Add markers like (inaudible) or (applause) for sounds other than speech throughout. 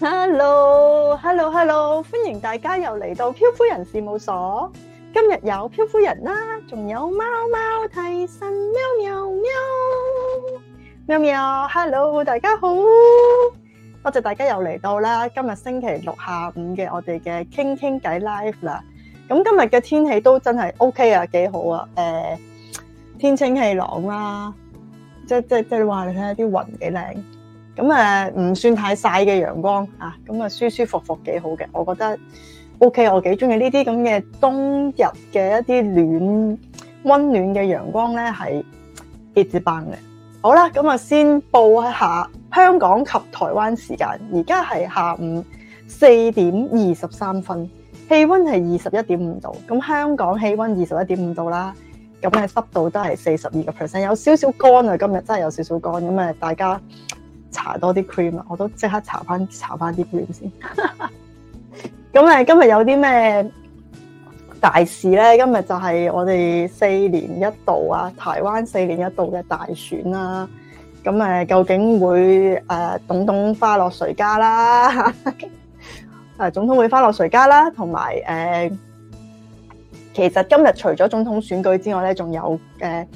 Hello，Hello，Hello，hello, hello, 歡迎大家又嚟到漂夫人事務所。今日有漂夫人啦，仲有貓貓提神，喵喵喵，喵喵。Hello，大家好，多謝大家又嚟到啦。今日星期六下午嘅我哋嘅傾傾偈 live 啦。咁今日嘅天氣都真係 OK 啊，幾好啊。誒、呃，天清氣朗啦，啊，即係即係即係話你睇下啲雲幾靚。咁啊，唔算太晒嘅陽光啊，咁啊舒舒服服幾好嘅，我覺得 OK。我幾中意呢啲咁嘅冬日嘅一啲暖溫暖嘅陽光咧，係幾級棒嘅。好啦，咁啊先報一下香港及台灣時間，而家係下午四點二十三分，氣溫係二十一點五度。咁香港氣溫二十一點五度啦，咁嘅濕度都係四十二個 percent，有少少乾啊。今日真係有少少乾咁啊，大家。查多啲 cream 啊！我都即刻查翻查翻啲 cream 先。咁 (laughs) 今日有啲咩大事咧？今日就係我哋四年一度啊，台灣四年一度嘅大選啦、啊。咁究竟會誒、呃、董董花落誰家啦？誒 (laughs) 總統會花落誰家啦？同埋、呃、其實今日除咗總統選舉之外咧，仲有、呃、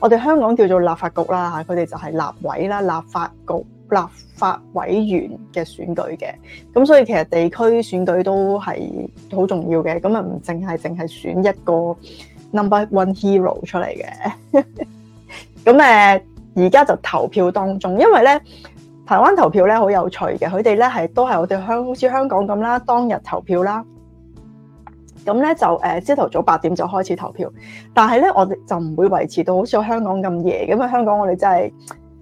我哋香港叫做立法局啦嚇，佢哋就係立委啦，立法局。立法委員嘅選舉嘅，咁所以其實地區選舉都係好重要嘅，咁啊唔淨係淨係選一個 number one hero 出嚟嘅。咁 (laughs) 誒，而家就投票當中，因為咧台灣投票咧好有趣嘅，佢哋咧係都係我哋香，好似香港咁啦，當日投票啦。咁咧就誒朝頭早八點就開始投票，但係咧我哋就唔會維持到好似香港咁夜，咁啊香港我哋真係。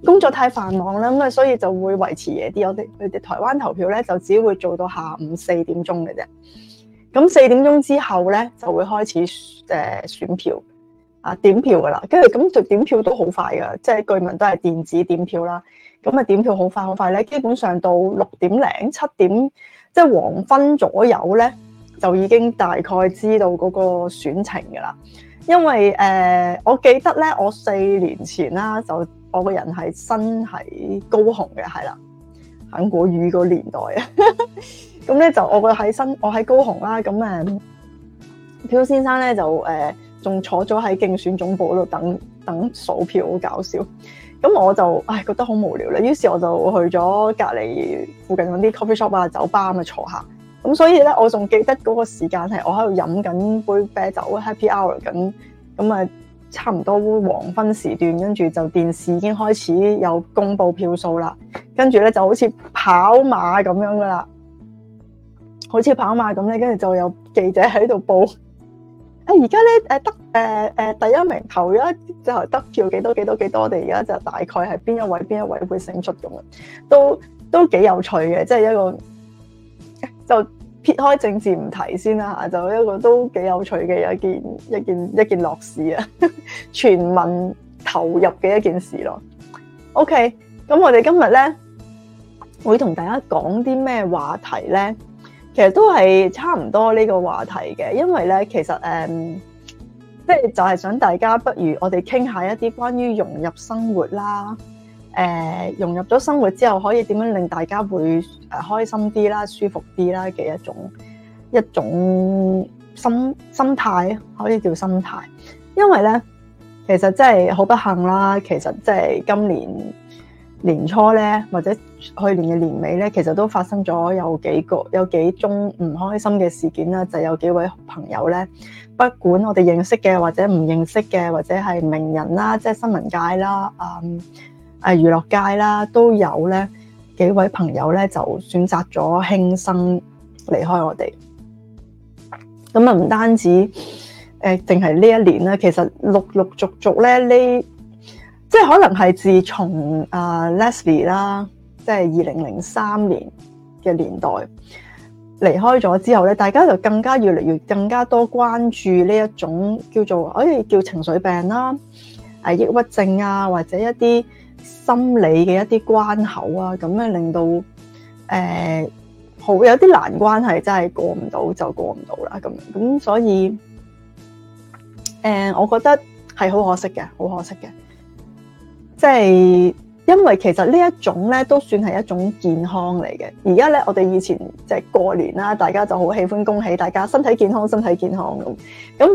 工作太繁忙啦，咁啊，所以就會維持夜啲。我哋佢哋台灣投票咧，就只會做到下午四點鐘嘅啫。咁四點鐘之後咧，就會開始誒選票啊點票噶啦。跟住咁就點票都好快噶，即係據聞都係電子點票啦。咁啊點票好快好快咧，基本上到六點零七點，即係黃昏左右咧，就已經大概知道嗰個選情噶啦。因為誒、呃、我記得咧，我四年前啦就。我個人係身喺高雄嘅，係啦，韓國瑜個年代啊，咁 (laughs) 咧就我個喺身，我喺高雄啦，咁誒，漂先生咧就誒仲、呃、坐咗喺競選總部度等等數票，好搞笑。咁我就唉覺得好無聊啦，於是我就去咗隔籬附近嗰啲 coffee shop 啊、酒吧咁、啊、坐下。咁所以咧，我仲記得嗰個時間係我喺度飲緊杯啤酒 (laughs) ，happy hour 咁咁啊～差唔多黃昏時段，跟住就電視已經開始有公布票數啦。跟住咧就好似跑馬咁樣噶啦，好似跑馬咁咧，跟住就有記者喺度報。誒而家咧誒得誒誒第一名投咗之後得票幾多幾多幾多，我哋而家就大概係邊一位邊一位會勝出咁都都幾有趣嘅，即係一個就。撇開政治唔提先啦、啊、嚇，就一個都幾有趣嘅一件一件一件樂事啊，全民投入嘅一件事咯、啊。OK，咁我哋今日咧會同大家講啲咩話題咧？其實都係差唔多呢個話題嘅，因為咧其實誒，即、嗯、係就係、是、想大家不如我哋傾下一啲關於融入生活啦。誒、呃、融入咗生活之後，可以點樣令大家會誒開心啲啦、舒服啲啦嘅一種一種心心態，可以叫心態。因為咧，其實真係好不幸啦。其實即係今年年初咧，或者去年嘅年尾咧，其實都發生咗有幾個有幾宗唔開心嘅事件啦。就是、有幾位朋友咧，不管我哋認識嘅或者唔認識嘅，或者係名人啦，即、就、係、是、新聞界啦，啊、嗯、～誒娛樂界啦，都有咧幾位朋友咧，就選擇咗輕生離開我哋。咁啊，唔單止誒，淨係呢一年咧，其實陸陸續續咧，呢即係可能係自從啊、呃、Leslie 啦，即係二零零三年嘅年代離開咗之後咧，大家就更加越嚟越更加多關注呢一種叫做可以叫情緒病啦、啊，誒抑鬱症啊，或者一啲。心理嘅一啲關口啊，咁樣令到誒、呃、好有啲難關，係真係過唔到就過唔到啦。咁咁所以誒、呃，我覺得係好可惜嘅，好可惜嘅。即、就、係、是、因為其實呢一種咧都算係一種健康嚟嘅。而家咧我哋以前即係、就是、過年啦，大家就好喜歡恭喜大家身體健康，身體健康咁。咁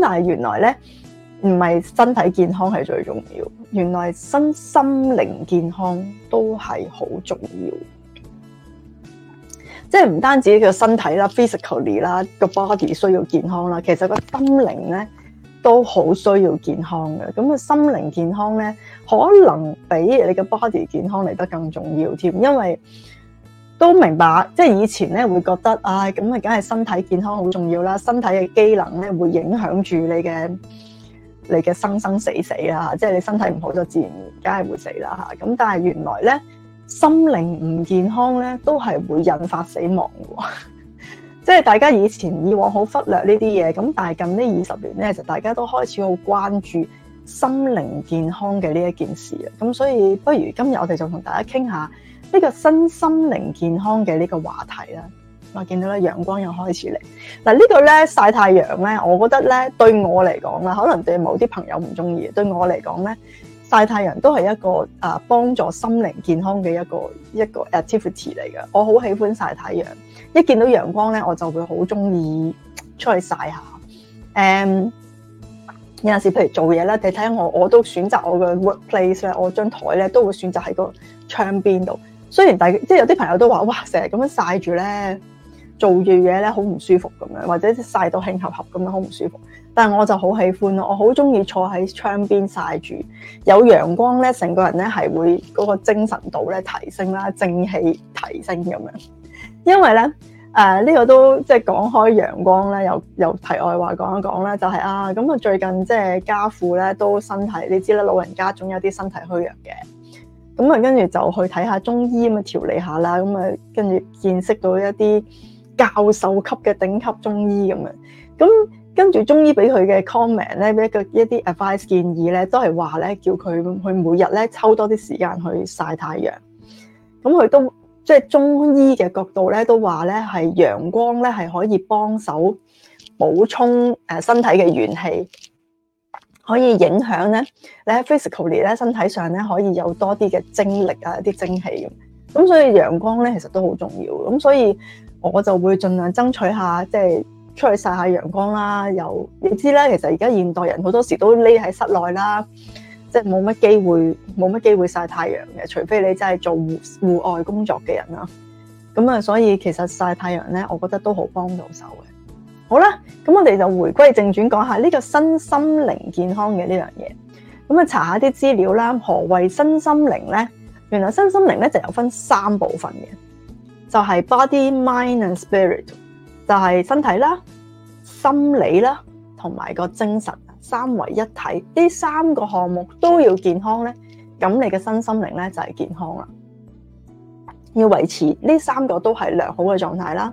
但係原來咧。唔係身體健康係最重要，原來身心心靈健康都係好重要。即係唔單止嘅身體啦，physically 啦，個 body 需要健康啦。其實個心靈咧都好需要健康嘅。咁個，心靈健康咧可能比你嘅 body 健康嚟得更重要添，因為都明白即係以前咧會覺得啊，咁、哎、啊，梗係身體健康好重要啦。身體嘅機能咧會影響住你嘅。你嘅生生死死啦，即係你身體唔好就自然梗係會死啦吓。咁但係原來咧心靈唔健康咧都係會引發死亡喎， (laughs) 即係大家以前以往好忽略這些東西這呢啲嘢。咁但係近呢二十年咧，就大家都開始好關注心靈健康嘅呢一件事啊。咁所以不如今日我哋就同大家傾下呢個身心靈健康嘅呢個話題啦。我見到咧，陽光又開始嚟嗱。但這個呢度咧，曬太陽咧，我覺得咧對我嚟講啦，可能對某啲朋友唔中意。對我嚟講咧，曬太陽都係一個啊幫助心靈健康嘅一個一個 activity 嚟嘅。我好喜歡曬太陽，一見到陽光咧，我就會好中意出去曬下。誒、um，有陣時，譬如做嘢咧，你睇下我我都選擇我嘅 workplace 咧，我張枱咧都會選擇喺個窗邊度。雖然大即係有啲朋友都話，哇，成日咁樣曬住咧，做住嘢咧，好唔舒服咁樣，或者曬到輕合合咁樣，好唔舒服。但係我就好喜歡，我好中意坐喺窗邊曬住，有陽光咧，成個人咧係會嗰個精神度咧提升啦，正氣提升咁樣。因為咧，誒呢個都即係講開陽光咧，又又題外話講一講咧，就係啊咁啊，最近即係家父咧都身體，你知啦，老人家總有啲身體虛弱嘅。咁啊，跟住就去睇下中醫咁啊，調理下啦。咁啊，跟住見識到一啲。教授級嘅頂級中醫咁樣，咁跟住中醫俾佢嘅 comment 咧，俾一個一啲 advice 建議咧，都係話咧叫佢佢每日咧抽多啲時間去曬太陽。咁佢都即係中醫嘅角度咧，都話咧係陽光咧係可以幫手補充誒身體嘅元氣，可以影響咧你喺 physically 咧身體上咧可以有多啲嘅精力啊，一啲精氣咁。咁所以陽光咧其實都好重要咁，所以。我就會盡量爭取下，即係出去曬下陽光啦。又你知啦，其實而家現代人好多時都匿喺室內啦，即係冇乜機會，冇乜機會曬太陽嘅。除非你真係做戶戶外工作嘅人啦。咁啊，所以其實曬太陽咧，我覺得都好幫到手嘅。好啦，咁我哋就回歸正傳，講下呢個身心靈健康嘅呢樣嘢。咁啊，查下啲資料啦。何謂身心靈咧？原來身心靈咧就有分三部分嘅。就係、是、body、mind and spirit，就係身體啦、心理啦，同埋個精神三位一體。呢三個項目都要健康咧，咁你嘅身心靈咧就係健康啦。要維持呢三個都係良好嘅狀態啦，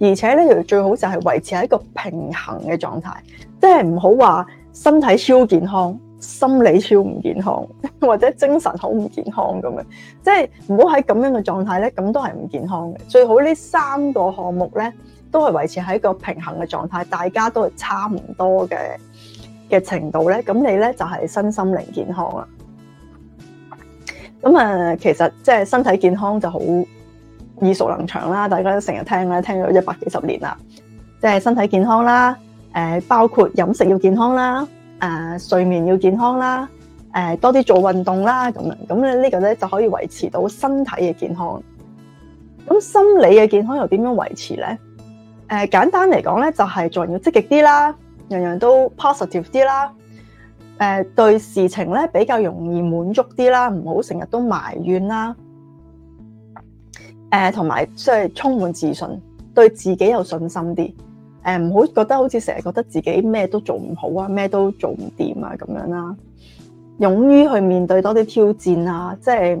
而且咧最好就係維持喺一個平衡嘅狀態，即係唔好話身體超健康。心理超唔健康，或者精神好唔健康咁樣，即係唔好喺咁樣嘅狀態咧，咁都係唔健康嘅。最好呢三個項目咧，都係維持喺一個平衡嘅狀態，大家都係差唔多嘅嘅程度咧，咁你咧就係、是、身心靈健康啦。咁啊，其實即係身體健康就好耳熟能詳啦，大家都成日聽啦，聽咗一百幾十年啦。即、就、係、是、身體健康啦，誒，包括飲食要健康啦。.誒、呃，睡眠要健康啦，誒、呃，多啲做運動啦，咁樣，咁咧呢個咧就可以維持到身體嘅健康。咁心理嘅健康又點樣維持咧？誒、呃，簡單嚟講咧，就係、做人要積極啲啦，樣樣都 positive 啲啦，誒、呃，對事情咧比較容易滿足啲啦，唔好成日都埋怨啦，誒、呃，同埋即係充滿自信，對自己有信心啲。誒，唔好覺得好似成日覺得自己咩都做唔好啊，咩都做唔掂啊咁樣啦，勇於去面對多啲挑戰啊，即係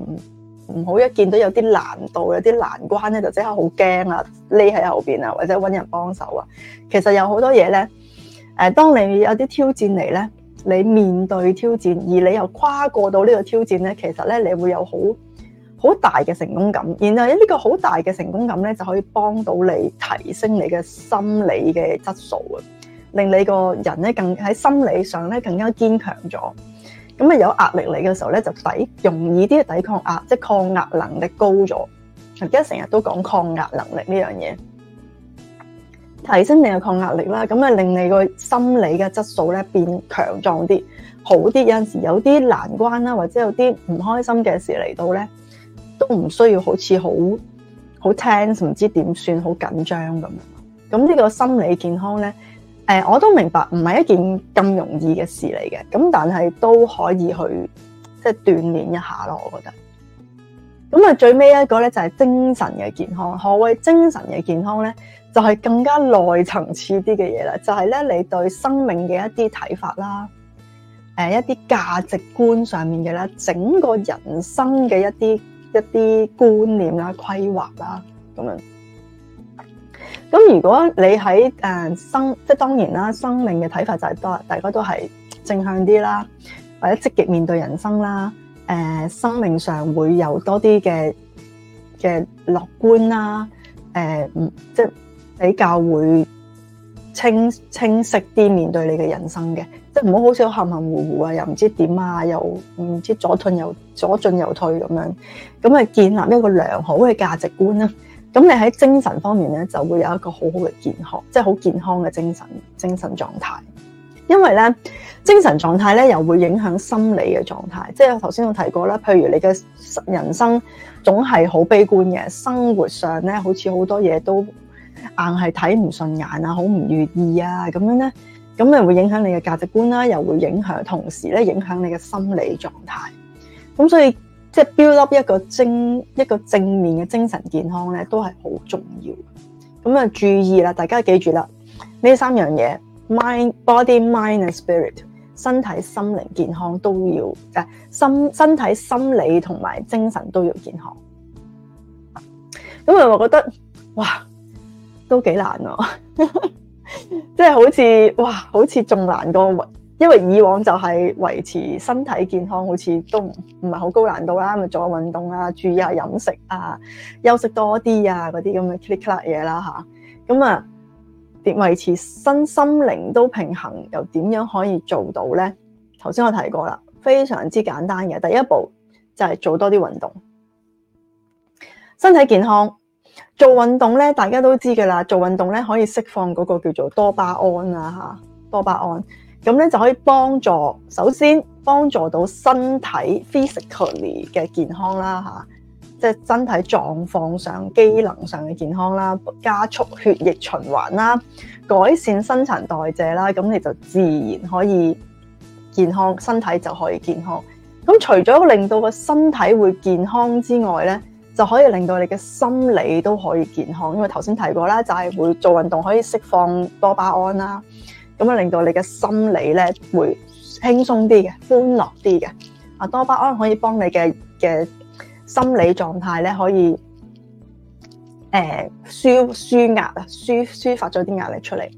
唔好一見到有啲難度、有啲難關咧，就即刻好驚啊，匿喺後邊啊，或者揾人幫手啊。其實有好多嘢咧，誒，當你有啲挑戰嚟咧，你面對挑戰，而你又跨過到呢個挑戰咧，其實咧你會有好，好大嘅成功感，然後呢個好大嘅成功感咧，就可以幫到你提升你嘅心理嘅質素啊，令你個人咧更喺心理上咧更加堅強咗。咁啊有壓力嚟嘅時候咧，就抵容易啲抵抗壓，即係抗壓能力高咗。而家成日都講抗壓能力呢樣嘢，提升你嘅抗壓力啦。咁啊令你個心理嘅質素咧變強壯啲、好啲。有陣時有啲難關啦，或者有啲唔開心嘅事嚟到咧。都唔需要好似好好 tense，唔知點算，好緊張咁樣。咁呢個心理健康咧，誒、呃，我都明白唔係一件咁容易嘅事嚟嘅。咁但係都可以去即係、就是、鍛鍊一下咯，我覺得。咁啊，最尾一個咧就係、是、精神嘅健康。何謂精神嘅健康咧？就係、是、更加內層次啲嘅嘢啦。就係咧，你對生命嘅一啲睇法啦，誒、呃，一啲價值觀上面嘅啦，整個人生嘅一啲。一啲觀念啦、啊、規劃啦咁樣。咁如果你喺誒、呃、生，即係當然啦，生命嘅睇法就係多，大家都係正向啲啦，或者積極面對人生啦。誒、呃，生命上會有多啲嘅嘅樂觀啦。誒、呃，即係比較會。清清晰啲面對你嘅人生嘅，即係唔好好似含含糊糊啊，又唔知點啊，又唔知左退又左進右退咁樣，咁啊建立一個良好嘅價值觀啦。咁你喺精神方面咧，就會有一個好好嘅健康，即係好健康嘅精神精神狀態。因為咧，精神狀態咧又會影響心理嘅狀態。即係我頭先我提過啦，譬如你嘅人生總係好悲觀嘅，生活上咧好似好多嘢都。硬係睇唔順眼很不啊，好唔願意啊，咁樣咧，咁啊會影響你嘅價值觀啦，又會影響，同時咧影響你嘅心理狀態。咁所以即係、就是、build up 一個正一個正面嘅精神健康咧，都係好重要。咁啊注意啦，大家記住啦，呢三樣嘢 mind、body、mind and spirit，身體、心靈健康都要，誒、呃、心身，身體、心理同埋精神都要健康。咁啊，我覺得哇～都幾難咯，即係、就是、好似哇，好似仲難過，因為以往就係維持身體健康，好似都唔唔係好高難度啦，咪、就是、做下運動啊，注意下飲食啊，休息多啲啊，嗰啲咁嘅 click 嗱嘢啦吓，咁啊，維持身心靈都平衡，又點樣可以做到咧？頭先我提過啦，非常之簡單嘅，第一步就係做多啲運動，身體健康。做運動咧，大家都知噶啦。做運動咧可以釋放嗰個叫做多巴胺啦、啊，吓多巴胺，咁咧就可以幫助首先幫助到身體 physically 嘅健康啦，吓即係身體狀況上、機能上嘅健康啦，加速血液循環啦，改善新陳代謝啦，咁你就自然可以健康，身體就可以健康。咁除咗令到個身體會健康之外咧，就可以令到你嘅心理都可以健康，因為頭先提過啦，就係、是、會做運動可以釋放多巴胺啦，咁啊令到你嘅心理咧會輕鬆啲嘅、歡樂啲嘅。啊，多巴胺可以幫你嘅嘅心理狀態咧可以誒舒舒壓啊，舒抒發咗啲壓力出嚟，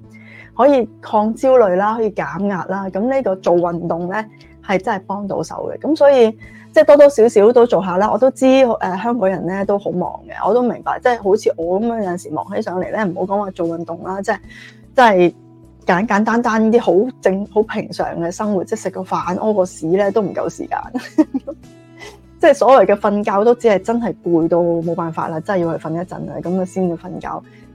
可以抗焦慮啦，可以減壓啦。咁呢個做運動咧係真係幫到手嘅。咁所以。即係多多少少都做下啦，我都知誒、呃、香港人咧都好忙嘅，我都明白。即、就、係、是、好似我咁樣有陣時忙起上嚟咧，唔好講話做運動啦，即係即係簡簡單單啲好正好平常嘅生活，即係食個飯屙個屎咧都唔夠時間。 (laughs) 即係所謂嘅瞓覺都只係真係攰到冇辦法啦，真係要去瞓一陣啊，咁啊先至瞓覺。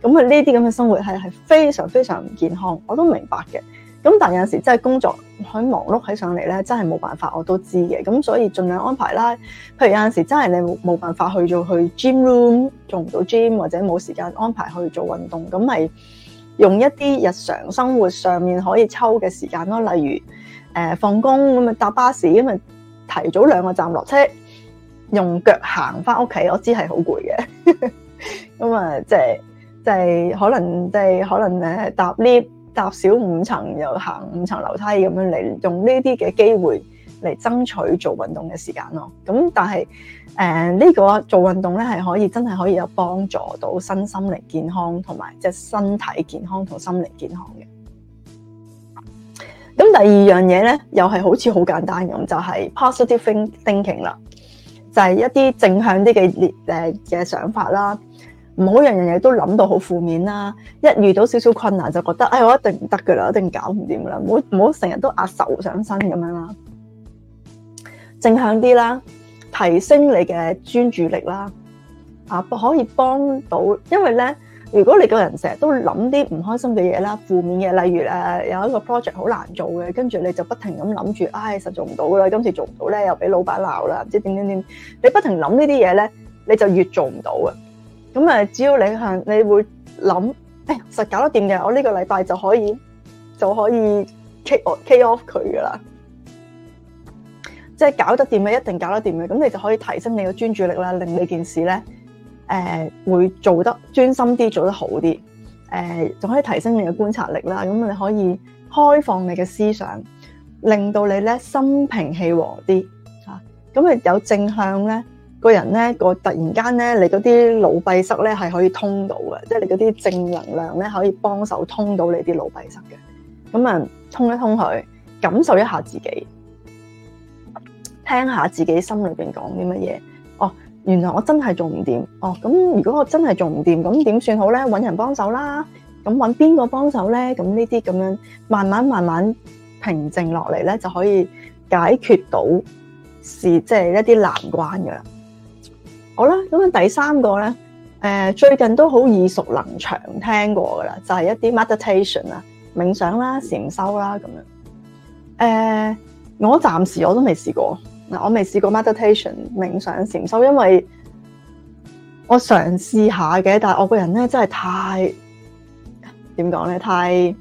咁啊呢啲咁嘅生活係係非常非常唔健康，我都明白嘅。咁但有陣時真係工作喺忙碌起上嚟咧，真係冇辦法，我都知嘅。咁所以儘量安排啦。譬如有陣時真係你冇冇辦法去做去 gym room 做唔到 gym，或者冇時間安排去做運動，咁咪用一啲日常生活上面可以抽嘅時間咯。例如誒放工咁啊搭巴士咁啊提早兩個站落車，用腳行翻屋企。我知係好攰嘅。咁 (laughs) 啊、即係，即係即係可能即係、即係、可能咧搭 lift。搭少五層又行五層樓梯咁樣嚟，用呢啲嘅機會嚟爭取做運動嘅時間咯。咁但係誒呢個做運動咧係可以真係可以有幫助到身心靈健康同埋即係身體健康同心理健康嘅。咁第二樣嘢咧又係好似好簡單咁，就係 positive thinking 啦，就係一啲正向啲嘅誒嘅想法啦。唔好樣樣嘢都諗到好負面啦！一遇到少少困難就覺得，哎，我一定唔得㗎啦，一定搞唔掂㗎啦。唔好唔好成日都壓愁上身咁樣啦，正向啲啦，提升你嘅專注力啦，啊，可以幫到。因為咧，如果你個人成日都諗啲唔開心嘅嘢啦，負面嘅，例如誒有一個 project 好難做嘅，跟住你就不停咁諗住，唉、哎，實做唔到㗎啦，今次做唔到咧，又俾老闆鬧啦，唔知點點點。你不停諗呢啲嘢咧，你就越做唔到啊！咁啊，只要你向你會諗，誒、欸，實搞得掂嘅，我呢個禮拜就可以，就可以 kick off, kick off 佢噶啦。即係搞得掂嘅，一定搞得掂嘅，咁你就可以提升你嘅專注力啦，令你件事咧，誒、呃，會做得專心啲，做得好啲，誒、呃，就可以提升你嘅觀察力啦。咁你可以開放你嘅思想，令到你咧心平氣和啲，吓、啊，咁啊有正向咧。個人咧，個突然間咧，你嗰啲腦閉塞咧，係可以通到嘅，即係你嗰啲正能量咧，可以幫手通到你啲腦閉塞嘅。咁啊，通一通佢，感受一下自己，聽下自己心裏面講啲乜嘢。哦，原來我真係做唔掂。哦，咁如果我真係做唔掂，咁點算好咧？揾人幫手啦。咁揾邊個幫手咧？咁呢啲咁樣慢慢慢慢平靜落嚟咧，就可以解決到事即係一啲難關嘅啦。好啦，咁樣第三個咧，誒、呃、最近都好耳熟能詳聽過噶啦，就係、是、一啲 meditation 啊、冥想啦、禪修啦咁樣。誒、呃，我暫時我都未試過嗱，我未試過 meditation 冥想禪修，因為我嘗試下嘅，但係我個人咧真係太點講咧，太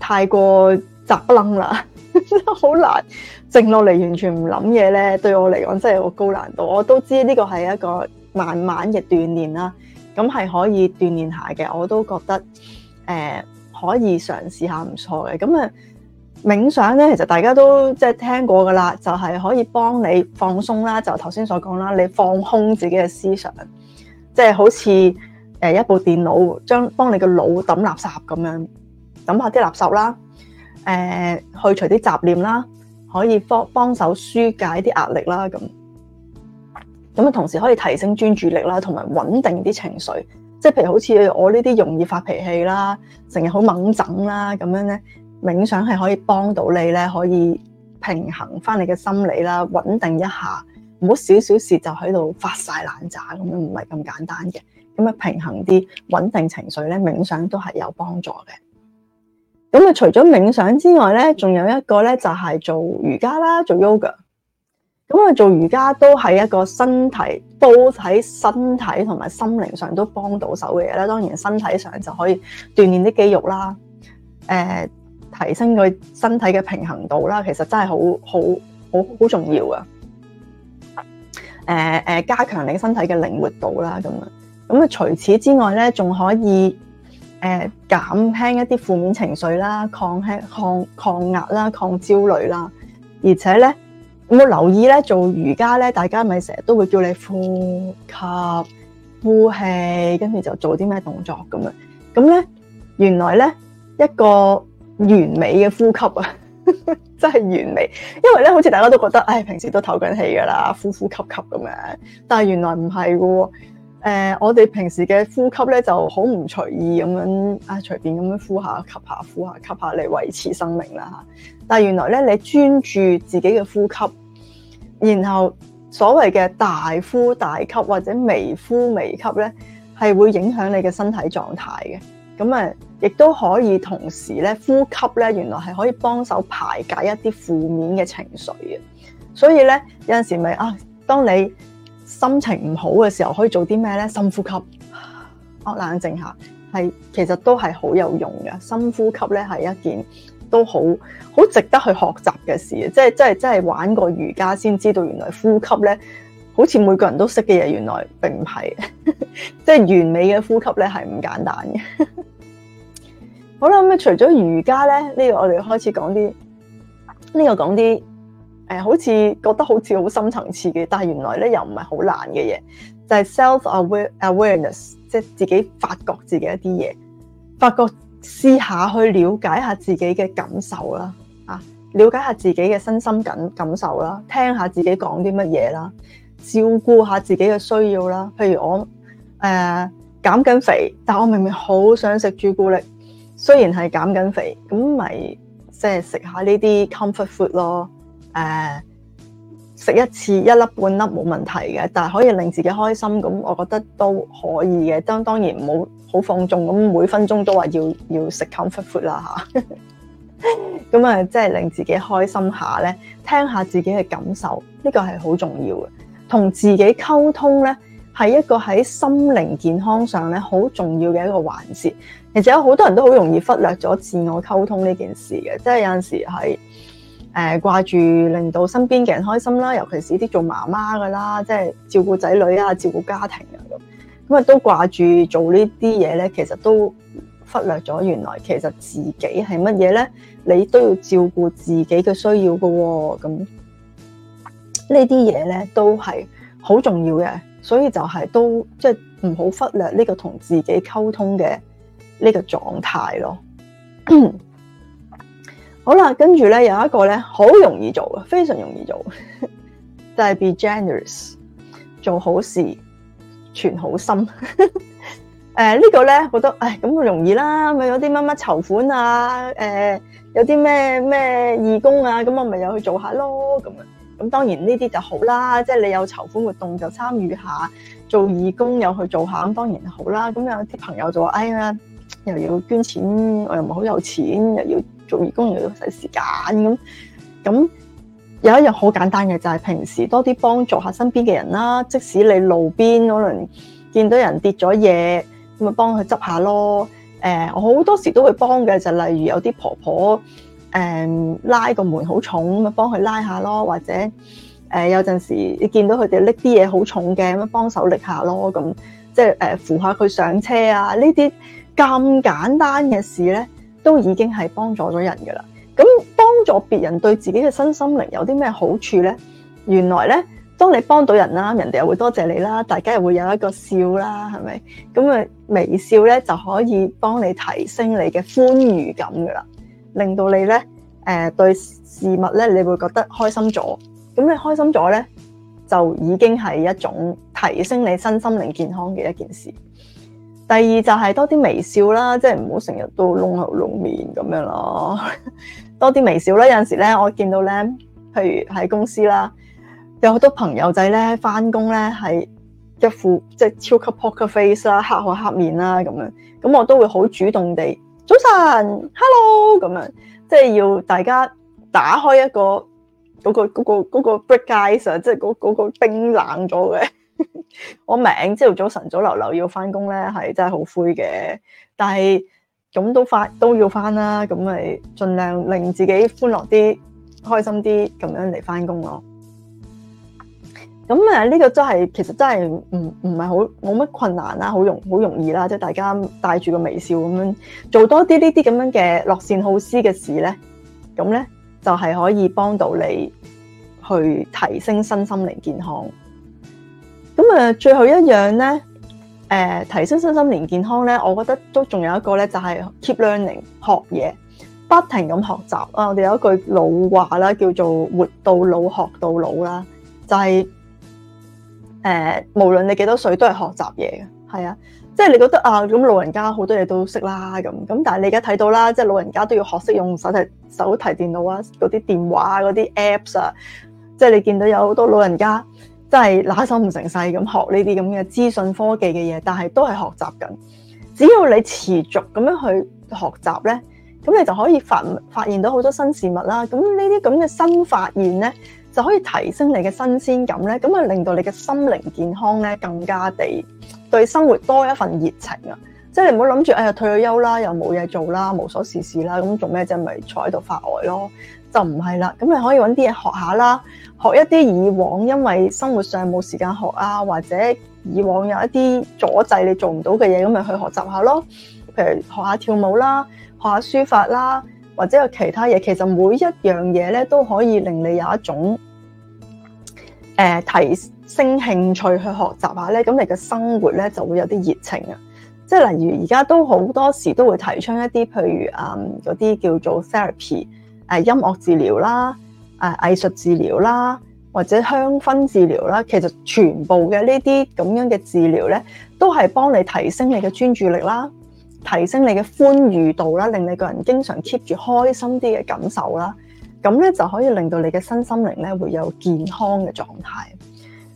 太過雜念啦，真係好難。靜落嚟，完全唔諗嘢咧，對我嚟講真係個高難度。我都知呢個係一個慢慢嘅鍛煉啦，咁係可以鍛煉下嘅。我都覺得誒、呃、可以嘗試，試下不錯的，唔錯嘅。咁啊冥想咧，其實大家都即係聽過噶啦，就係、是、可以幫你放鬆啦。就頭先所講啦，你放空自己嘅思想，即、就、係、是、好似誒一部電腦，將幫你個腦抌垃圾咁樣抌下啲垃圾啦，誒、呃、去除啲雜念啦。可以幫幫手疏解啲壓力啦，咁咁啊，同時可以提升專注力啦，同埋穩定啲情緒。即係譬如好似我呢啲容易發脾氣啦，成日好猛整啦，咁樣咧冥想係可以幫到你咧，可以平衡翻你嘅心理啦，穩定一下，唔好少少事就喺度發晒爛渣咁樣，唔係咁簡單嘅。咁啊，平衡啲穩定情緒咧，冥想都係有幫助嘅。咁除咗冥想之外呢還仲有一個呢就係做瑜伽啦，做 yoga。咁做瑜伽都係一個身體，都喺身體同埋心靈上都幫到手嘅嘢啦。當然身體上就可以鍛煉啲肌肉啦，誒、呃，提升佢身體嘅平衡度啦。其實真係好好好重要噶。誒、呃、誒、呃，加強你身體嘅靈活度啦，咁除此之外呢還仲可以。誒、呃，減輕一啲負面情緒啦，抗壓抗抗壓啦，抗焦慮啦，而且咧有冇留意咧做瑜伽咧？大家咪成日都會叫你呼吸、呼氣，跟住就做啲咩動作咁樣。咁咧，原來咧一個完美嘅呼吸啊，呵呵真係完美。因為咧，好似大家都覺得，唉、哎，平時都唞緊氣噶啦，呼呼吸吸咁樣，但係原來唔係噶喎。誒、呃，我哋平時嘅呼吸咧就好唔隨意咁樣啊，隨便咁樣呼一下吸一下呼一下吸一下嚟維持生命啦吓。但係原來咧，你專注自己嘅呼吸，然後所謂嘅大呼大吸或者微呼微吸咧，係會影響你嘅身體狀態嘅。咁、嗯、啊，亦都可以同時咧，呼吸咧原來係可以幫手排解一啲負面嘅情緒嘅。所以咧，有陣時咪啊，當你。心情唔好嘅時候可以做啲咩咧？深呼吸，我、哦、冷靜下，係其實都係好有用嘅。深呼吸咧係一件都好好值得去學習嘅事，即係即係即係玩過瑜伽先知道，原來呼吸咧好似每個人都識嘅嘢，原來並唔係，即 (laughs) 係完美嘅呼吸咧係唔簡單嘅。 (laughs) 好啦，咁啊，除咗瑜伽咧，呢、呢個我哋開始講啲，呢、呢個講啲。誒，好似覺得好似好深層次嘅，但係原來咧又唔係好難嘅嘢，就係 self-aware awareness，即係自己發覺自己一啲嘢，發覺試下去了解下自己嘅感受啦，啊，了解下自己嘅身心感感受啦，聽下自己講啲乜嘢啦，照顧下自己嘅需要啦。譬如我誒減緊肥，但我明明好想食朱古力，雖然係減緊肥，咁咪即係食下呢啲 comfort food 咯。誒，食一次一粒半粒冇問題嘅，但係可以令自己開心，咁我覺得都可以嘅。當當然唔好好放縱，咁每分鐘都話要要食口忽 m f y f o 啦吓。咁 (laughs) 啊，即、就、係、是、令自己開心一下咧，聽一下自己嘅感受，呢、這個係好重要嘅。同自己溝通咧，係一個喺心靈健康上咧好重要嘅一個環節。其且有好多人都好容易忽略咗自我溝通呢件事嘅，即、就、係、是、有陣時係。誒、呃，掛住令到身邊嘅人開心啦，尤其是啲做媽媽㗎啦，即係照顧仔女啊，照顧家庭啊咁，咁啊都掛住做呢啲嘢咧，其實都忽略咗原來其實自己係乜嘢咧？你都要照顧自己嘅需要喎、啊。咁呢啲嘢咧都係好重要嘅，所以就係都即係唔好忽略呢個同自己溝通嘅呢個狀態咯。好啦，跟住咧有一個咧，好容易做嘅，非常容易做，就係、是、be generous，做好事，存好心。誒、 (laughs) 呃這個、呢個咧，覺得唉，咁、哎、好容易啦，咪有啲乜乜籌款啊？誒、呃、有啲咩咩義工啊，咁我咪又去做下咯。咁咁當然呢啲就好啦，即、就、係、是、你有籌款活動就參與下，做義工又去做下咁，當然好啦。咁有啲朋友就話：哎呀，又要捐錢，我又唔係好有錢，又要。做義工又要使時間咁，咁有一樣好簡單嘅就係平時多啲幫助下身邊嘅人啦。即使你路邊可能見到人跌咗嘢，咁咪幫佢執下咯。誒、呃，我好多時都會幫嘅，就例如有啲婆婆誒、呃、拉個門好重，咁咪幫佢拉下咯。或者誒、呃、有陣時你見到佢哋拎啲嘢好重嘅，咁樣幫手拎下咯。咁即係誒、呃、扶下佢上車啊！呢啲咁簡單嘅事咧～都已經係幫助咗人噶啦，咁幫助別人對自己嘅身心靈有啲咩好處咧？原來咧，當你幫到人啦，人哋又會多謝、謝你啦，大家又會有一個笑啦，係咪？咁啊微笑咧就可以幫你提升你嘅歡愉感噶啦，令到你咧誒、呃、對事物咧你會覺得開心咗，咁你開心咗咧就已經係一種提升你身心靈健康嘅一件事。第二就係多啲微笑啦，即係唔好成日都燶口燶面咁樣咯，多啲微笑啦。有陣時咧，我見到咧，譬如喺公司啦，有好多朋友仔咧翻工咧係一副即係、就是、超級 poker face 啦，黑口黑面啦咁樣，咁我都會好主動地早晨 hello 咁樣，即、就、係、是、要大家打開一個嗰、那個嗰、那個嗰、那個 break ice，即係嗰嗰個冰冷咗嘅。 (laughs) 我明朝早晨早上流流要翻工咧，係真係好灰嘅。但係咁都翻都要翻啦，咁咪盡量令自己歡樂啲、開心啲，咁樣嚟翻工咯。咁啊，呢、這個真、就、係、是、其實真係唔唔係好冇乜困難啦，好容好容易啦，即係、就是、大家帶住個微笑咁樣做多啲呢啲咁樣嘅樂善好施嘅事咧，咁咧就係、是、可以幫到你去提升身心靈健康。咁啊，最後一樣咧，誒、呃、提升身心年健康咧，我覺得都仲有一個咧，就係、是、keep learning 學嘢，不停咁學習啊！我哋有一句老話啦，叫做活到老，學到老啦，就係、是、誒、呃，無論你幾多少歲，都係學習嘢嘅，係啊，即、就、係、是、你覺得啊，咁老人家好多嘢都識啦，咁咁，但係你而家睇到啦，即、就、係、是、老人家都要學識用手提手提電腦啊，嗰啲電話啊，嗰啲 apps 啊，即係你見到有好多老人家。真係拿手唔成世咁學呢啲咁嘅資訊科技嘅嘢，但係都係學習緊。只要你持續咁樣去學習咧，咁你就可以發發現到好多新事物啦。咁呢啲咁嘅新發現咧，就可以提升你嘅新鮮感咧。咁啊，令到你嘅心靈健康咧，更加地對生活多一份熱情啊！即係你唔好諗住誒退咗休啦，又冇嘢做啦，無所事事啦，咁做咩啫？咪坐喺度發呆咯？就唔係啦。咁你可以搵啲嘢學下啦。學一啲以往因為生活上冇時間學啊，或者以往有一啲阻滯你做唔到嘅嘢，咁咪去學習下咯。譬如學下跳舞啦，學下書法啦，或者有其他嘢。其實每一樣嘢咧，都可以令你有一種、呃、提升興趣去學習下咧。咁你嘅生活咧就會有啲熱情啊。即係例如而家都好多時都會提倡一啲，譬如嗯嗰啲叫做 therapy、呃、音樂治療啦。啊！藝術治療啦，或者香薰治療啦，其實全部嘅呢啲咁樣嘅治療咧，都係幫你提升你嘅專注力啦，提升你嘅歡愉度啦，令你個人經常 keep 住開心啲嘅感受啦，咁咧就可以令到你嘅身心靈咧會有健康嘅狀態。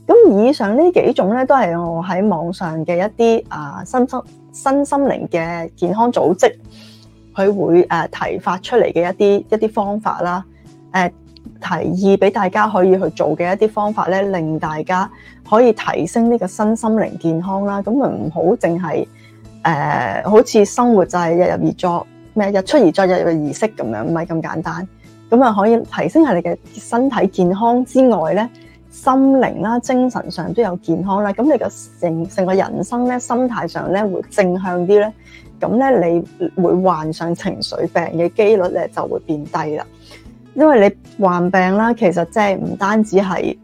咁以上呢幾種咧都係我喺網上嘅一啲啊身心身心靈嘅健康組織，佢會誒、啊、提發出嚟嘅一啲一啲方法啦，誒、啊，提議俾大家可以去做嘅一啲方法咧，令大家可以提升呢個身心靈健康啦。咁啊，唔好淨係誒，好似生活就係日入而作咩，日出而作，日入而息咁樣，唔係咁簡單。咁啊，可以提升下你嘅身體健康之外咧，心靈啦、精神上都有健康啦。咁你個成成個人生咧，心態上咧會正向啲咧，咁咧你會患上情緒病嘅機率咧就會變低啦。因為你患病啦，其實即係唔單止係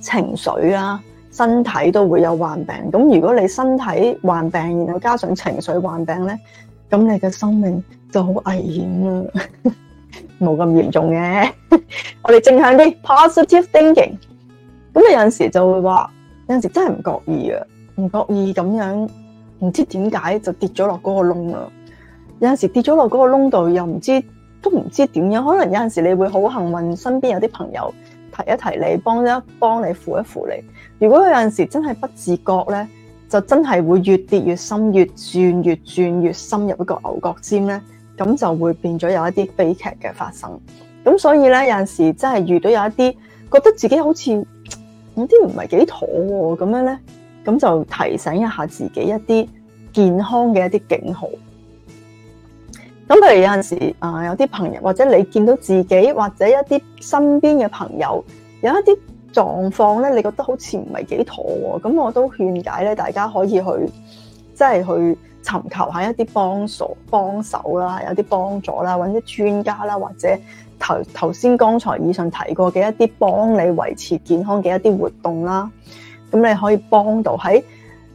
情緒啊，身體都會有患病。咁如果你身體患病，然後加上情緒患病咧，咁你嘅生命就好危險啦，冇 (laughs) 咁嚴重嘅。 (laughs) 我哋正向啲 positive thinking，咁你有陣時就會話有陣時真係唔覺意啊，唔覺意咁樣，唔知點解就跌咗落嗰個窿啦。有陣時跌咗落嗰個窿度，又唔知。都唔知點樣，可能有陣時你會好幸運，身邊有啲朋友提一提你，幫一幫你，扶一扶你。如果有陣時真係不自覺咧，就真係會越跌越深，越轉越轉越深入一個牛角尖咧，咁就會變咗有一啲悲劇嘅發生。咁所以咧，有陣時真係遇到有一啲覺得自己好似有啲唔係幾妥喎，咁樣咧，咁就提醒一下自己一啲健康嘅一啲警號。咁譬如有陣時啊，有啲朋友或者你見到自己或者一啲身邊嘅朋友有一啲狀況咧，你覺得好似唔係幾妥喎。咁我都勸解咧，大家可以去即係、就是、去尋求下一啲幫，幫，幫助、幫手啦，有啲幫助啦，揾啲專家啦，或者頭頭先剛才以上提過嘅一啲幫你維持健康嘅一啲活動啦。咁你可以幫到喺。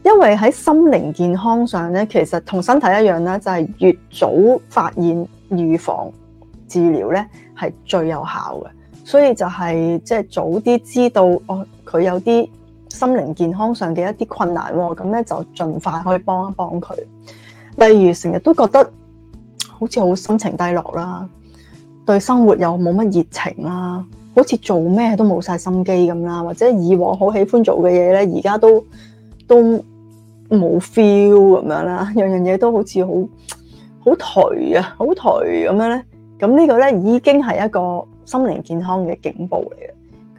因為喺心靈健康上咧，其實同身體一樣啦，就係、是、越早發現、預防、治療咧，係最有效嘅。所以就係即係早啲知道哦，佢有啲心靈健康上嘅一啲困難，咁咧就盡快可以幫一幫佢。例如成日都覺得好似好心情低落啦，對生活又冇乜熱情啦，好似做咩都冇晒心機咁啦，或者以往好喜歡做嘅嘢咧，而家都都。都冇 feel 咁樣啦，樣樣嘢都好似好好頹啊，好頹咁樣咧。咁呢個咧已經係一個心理健康嘅警報嚟嘅。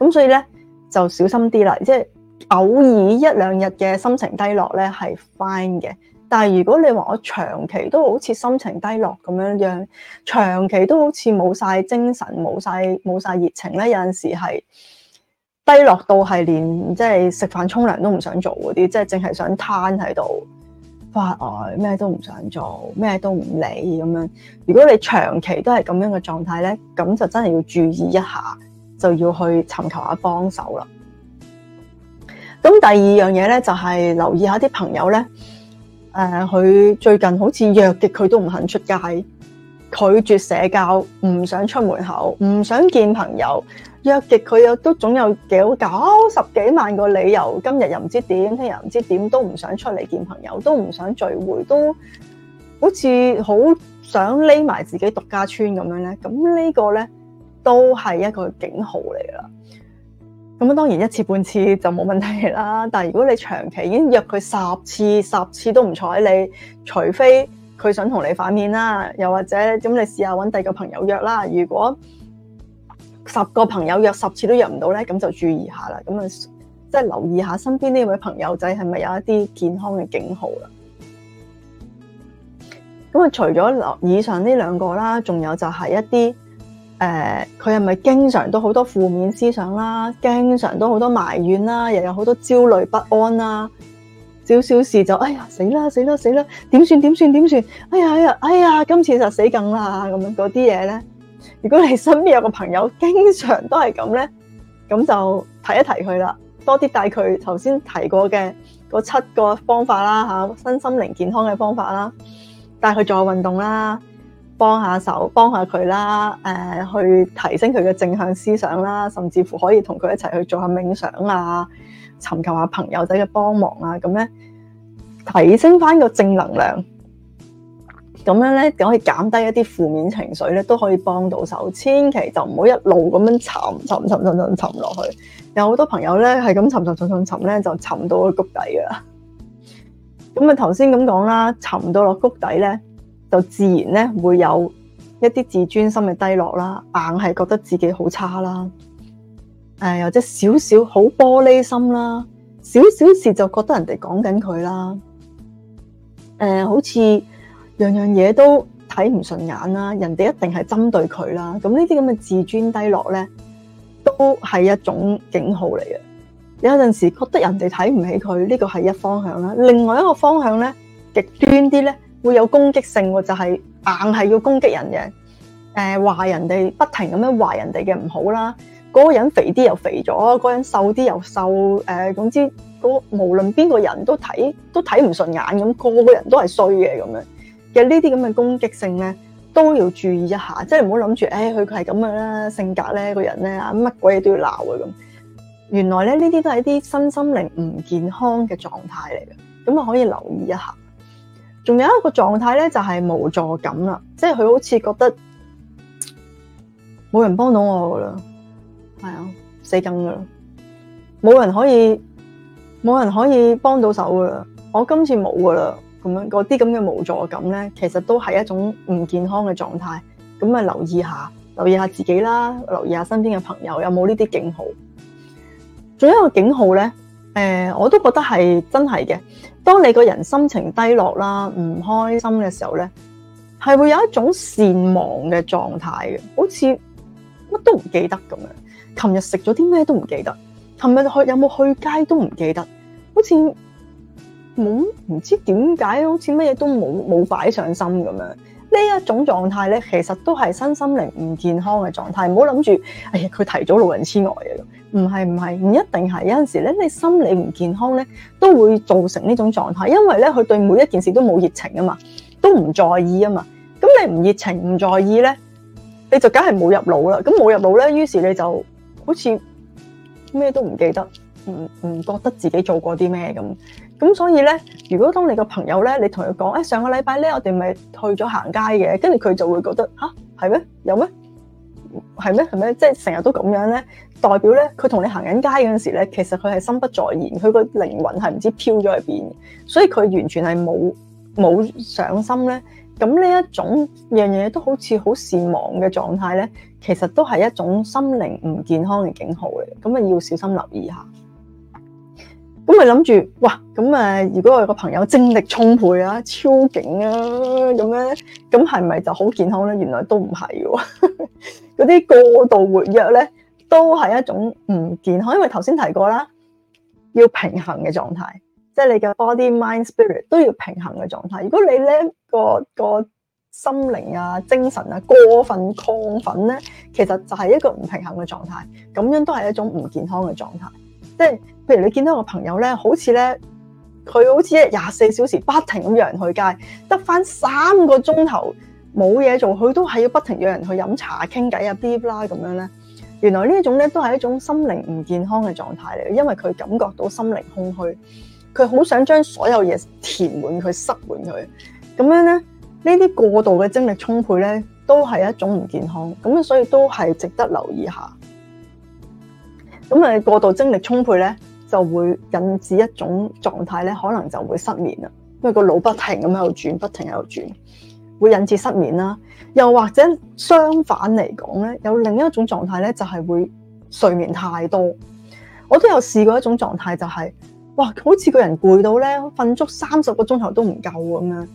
咁所以咧就小心啲啦。即係偶爾一兩日嘅心情低落咧係 fine 嘅，但係如果你話我長期都好似心情低落咁樣樣，長期都好似冇晒精神、冇晒冇曬熱情咧，有陣時係。低落到係連即係食飯、沖、就、涼、是、都唔想做嗰啲，即係淨係想攤喺度發呆，咩都唔想做，咩都唔理咁樣。如果你長期都係咁樣嘅狀態咧，咁就真係要注意一下，就要去尋求一下幫手啦。咁第二樣嘢咧，就係、是、留意一下啲朋友咧，誒、呃，佢最近好似約極，佢都唔肯出街，拒絕社交，唔想出門口，唔想見朋友。約極佢又都總有九九十幾萬個理由，今日又唔知點，聽日唔知點，都唔想出嚟見朋友，都唔想聚會，都好似好想匿埋自己獨家村咁樣咧。咁呢個咧都係一個警號嚟㗎啦。咁當當然一次半次就冇問題啦，但係如果你長期已經約佢十次十次都唔睬你，除非佢想同你反面啦，又或者咁你試下搵第二個朋友約啦。如果十個朋友約十次都約唔到咧，咁就注意下啦。咁啊，即係留意下身邊呢位朋友仔係咪有一啲健康嘅警號啦。咁啊，除咗落以上呢兩個啦，仲有就係一啲誒，佢係咪經常都好多負面思想啦，經常都好多埋怨啦，又有好多焦慮不安啦，小小事就哎呀死啦死啦死啦，點算點算點算，哎呀哎呀哎呀，今次就死梗啦咁樣嗰啲嘢咧。那些東西呢如果你身邊有個朋友經常都係咁咧，咁就提一提佢啦，多啲帶佢頭先提過嘅嗰七個方法啦，吓身心靈健康嘅方法啦，帶佢做下運動啦，幫下手，幫下佢啦，誒、呃，去提升佢嘅正向思想啦，甚至乎可以同佢一齊去做下冥想啊，尋求下朋友仔嘅幫忙啊，咁咧提升翻個正能量。咁樣咧，可以減低一啲負面情緒咧，都可以幫到手。千祈就唔好一路咁樣沉沉沉沉沉沉落去。有好多朋友咧，係咁沉沉沉沉沉咧，就沉到個谷底噶啦。咁啊，頭先咁講啦，沉到落谷底咧，就自然咧會有一啲自尊心嘅低落啦，硬係覺得自己好差啦。誒，或者少少好玻璃心啦，少少事就覺得人哋講緊佢啦。誒、呃，好似～樣樣嘢都睇唔順眼啦，人哋一定係針對佢啦。咁呢啲咁嘅自尊低落咧，都係一種警號嚟嘅。有陣時覺得人哋睇唔起佢，呢個係一方向啦。另外一個方向咧，極端啲咧，會有攻擊性，就係硬係要攻擊人嘅。誒、呃，話人哋不停咁樣話人哋嘅唔好啦。嗰個人肥啲又肥咗，嗰個人瘦啲又瘦。誒、呃，總之，嗰無論邊個人都睇都睇唔順眼，咁個個人都係衰嘅咁樣。嘅呢啲咁嘅攻擊性咧，都要注意一下，即係唔好諗住，誒、哎，佢佢係咁樣啦，性格咧，個人咧，乜鬼嘢都要鬧啊咁。原來咧，呢啲都係一啲身心靈唔健康嘅狀態嚟嘅，咁啊，可以留意一下。仲有一個狀態咧，就係、是、無助感啦，即係佢好似覺得冇人幫到我噶啦，係、哎、啊，死梗噶啦，冇人可以，冇人可以幫到手噶啦，我今次冇噶啦。咁樣嗰啲咁嘅無助感咧，其實都係一種唔健康嘅狀態。咁啊，留意下，留意下自己啦，留意下身邊嘅朋友有冇呢啲警號。仲有一個警號咧，誒、呃，我都覺得係真係嘅。當你個人心情低落啦、唔開心嘅時候咧，係會有一種善忘嘅狀態嘅，好似乜都唔記得咁樣。琴日食咗啲咩都唔記得，琴日去有冇去街都唔記得，好似。冇唔知點解，好似乜嘢都冇冇擺上心咁樣，呢一種狀態咧，其實都係身心靈唔健康嘅狀態。唔好諗住，哎呀，佢提早老人痴呆啊，唔係唔係，唔一定係。有陣時咧，你心理唔健康咧，都會造成呢種狀態，因為咧佢對每一件事都冇熱情啊嘛，都唔在意啊嘛。咁你唔熱情唔在意咧，你就梗係冇入腦啦。咁冇入腦咧，於是你就好似咩都唔記得，唔唔覺得自己做過啲咩咁。咁所以咧，如果當你個朋友咧，你同佢講，誒、哎、上個禮拜咧，我哋咪去咗行街嘅，跟住佢就會覺得吓？係、啊、咩有咩係咩係咩，即係成日都咁樣咧，代表咧佢同你行緊街嗰陣時咧，其實佢係心不在焉，佢個靈魂係唔知漂咗去邊，所以佢完全係冇冇上心咧。咁呢一種樣嘢都好似好善忘嘅狀態咧，其實都係一種心靈唔健康嘅警號嚟，咁啊要小心留意一下。因為諗住哇，咁誒，如果我有個朋友精力充沛啊，超勁啊，咁樣，咁係咪就好健康咧？原來都唔係喎，嗰 (laughs) 啲過度活躍咧，都係一種唔健康。因為頭先提過啦，要平衡嘅狀態，即係你嘅 body、mind、spirit 都要平衡嘅狀態。如果你咧、個個心靈啊、精神啊過分亢奮咧，其實就係一個唔平衡嘅狀態，咁樣都係一種唔健康嘅狀態。即係，譬如你見到個朋友咧，好似咧，佢好似一廿四小時不停咁約人去街，得返三個鐘頭冇嘢做，佢都係要不停約人去飲茶傾偈啊，嗶啦咁樣咧。原來這種呢種咧都係一種心靈唔健康嘅狀態嚟，因為佢感覺到心靈空虛，佢好想將所有嘢填滿佢塞滿佢。咁樣咧，呢啲過度嘅精力充沛咧，都係一種唔健康。咁啊，所以都係值得留意一下。咁啊，過度精力充沛咧，就會引致一種狀態咧，可能就會失眠啦，因為個腦不停咁喺度轉，不停喺度轉，會引致失眠啦。又或者相反嚟講咧，有另一種狀態咧，就係、是、會睡眠太多。我都有試過一種狀態、就是，就係哇，好似個人攰到咧，瞓足三十個鐘頭都唔夠咁樣。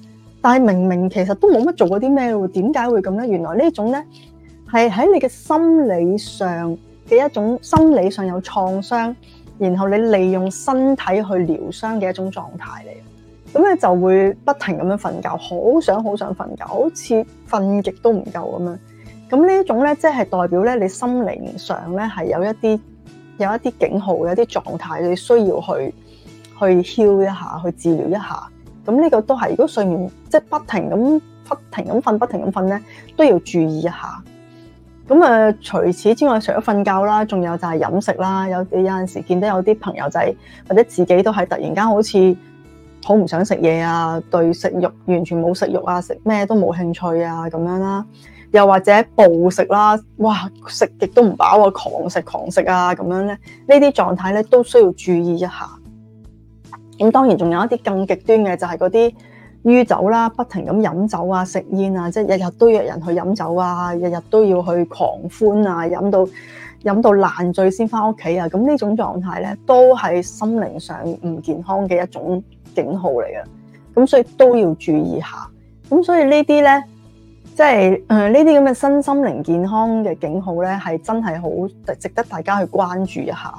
但係明明其實都冇乜做過啲咩喎，點解會咁咧？原來呢種咧，係喺你嘅心理上。嘅一種心理上有創傷，然後你利用身體去療傷嘅一種狀態嚟，咁咧就會不停咁樣瞓覺，好想好想瞓覺，好似瞓極都唔夠咁樣。咁呢一種咧，即係代表咧，你心靈上咧係有一啲有一啲警號嘅一啲狀態，你需要去去 heal 一下，去治療一下。咁呢個都係，如果睡眠即係、就是、不停咁不停咁瞓，不停咁瞓咧，都要注意一下。咁啊，呃，除此之外，除咗瞓覺啦，仲有就係飲食啦。有有陣時見到有啲朋友仔或者自己都係突然間好似好唔想食嘢啊，對食慾完全冇食慾啊，食咩都冇興趣啊咁樣啦。又或者暴食啦，哇，食極都唔飽啊，狂食狂食啊咁樣咧，呢啲狀態咧都需要注意一下。咁當然仲有一啲更極端嘅，就係嗰啲。酗酒啦，不停咁飲酒啊，食煙啊，即係日日都要約人去飲酒啊，日日都要去狂歡啊，飲到飲到爛醉先翻屋企啊，咁呢種狀態咧，都係心靈上唔健康嘅一種警號嚟嘅，咁所以都要注意一下。咁所以這些呢啲咧，即係誒呢啲咁嘅身心靈健康嘅警號咧，係真係好值得大家去關注一下，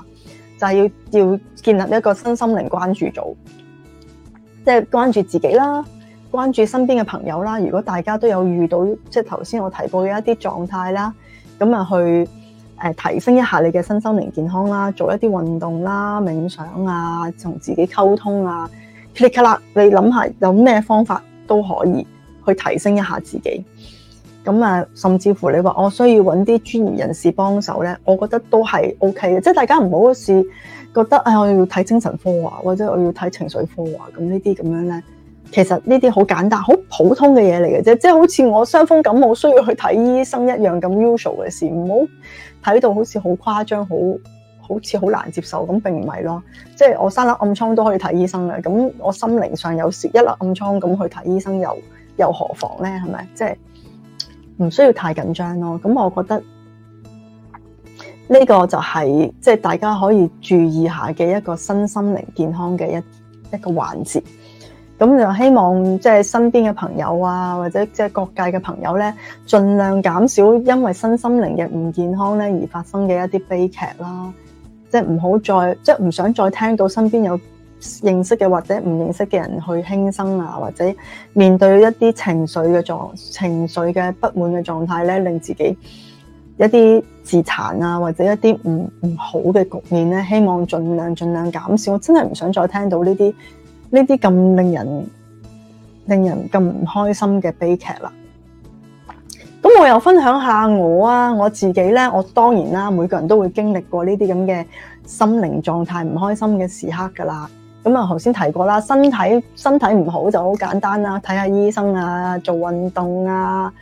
就係、是、要要建立一個身心靈關注組。即係關注自己啦，關注身邊嘅朋友啦。如果大家都有遇到，即係頭先我提過嘅一啲狀態啦，咁啊去誒提升一下你嘅身心靈健康啦，做一啲運動啦、冥想啊、同自己溝通啊，噼里咔啦，你諗下有咩方法都可以去提升一下自己。咁啊，甚至乎你話我需要揾啲專業人士幫手咧，我覺得都係 OK 嘅。即係大家唔好試。覺得啊、哎，我要睇精神科啊，或者我要睇情緒科啊，咁呢啲咁樣咧，其實呢啲好簡單、好普通嘅嘢嚟嘅啫，即係好似我傷風感冒需要去睇醫生一樣咁 usual 嘅事，唔好睇到好似好誇張、好好似好難接受咁，並唔係咯。即係我生粒暗瘡都可以睇醫生嘅，咁我心靈上有時一粒暗瘡咁去睇醫生又又何妨咧？係咪？即係唔需要太緊張咯。咁我覺得。呢、這個就係即係大家可以注意一下嘅一個身心靈健康嘅一一個環節。咁就希望即係身邊嘅朋友啊，或者即係各界嘅朋友咧，儘量減少因為身心靈嘅唔健康咧而發生嘅一啲悲劇啦。即係唔好再即係唔想再聽到身邊有認識嘅或者唔認識嘅人去輕生啊，或者面對一啲情緒嘅狀情緒嘅不滿嘅狀態咧，令自己。一啲自殘啊，或者一啲唔唔好嘅局面咧，希望盡量盡量減少。我真係唔想再聽到呢啲呢啲咁令人令人咁唔開心嘅悲劇啦。咁我又分享下我啊，我自己咧，我當然啦，每個人都會經歷過呢啲咁嘅心靈狀態唔開心嘅時刻噶啦。咁啊，頭先提過啦，身體身體唔好就好簡單啦，睇下醫生啊，做運動啊。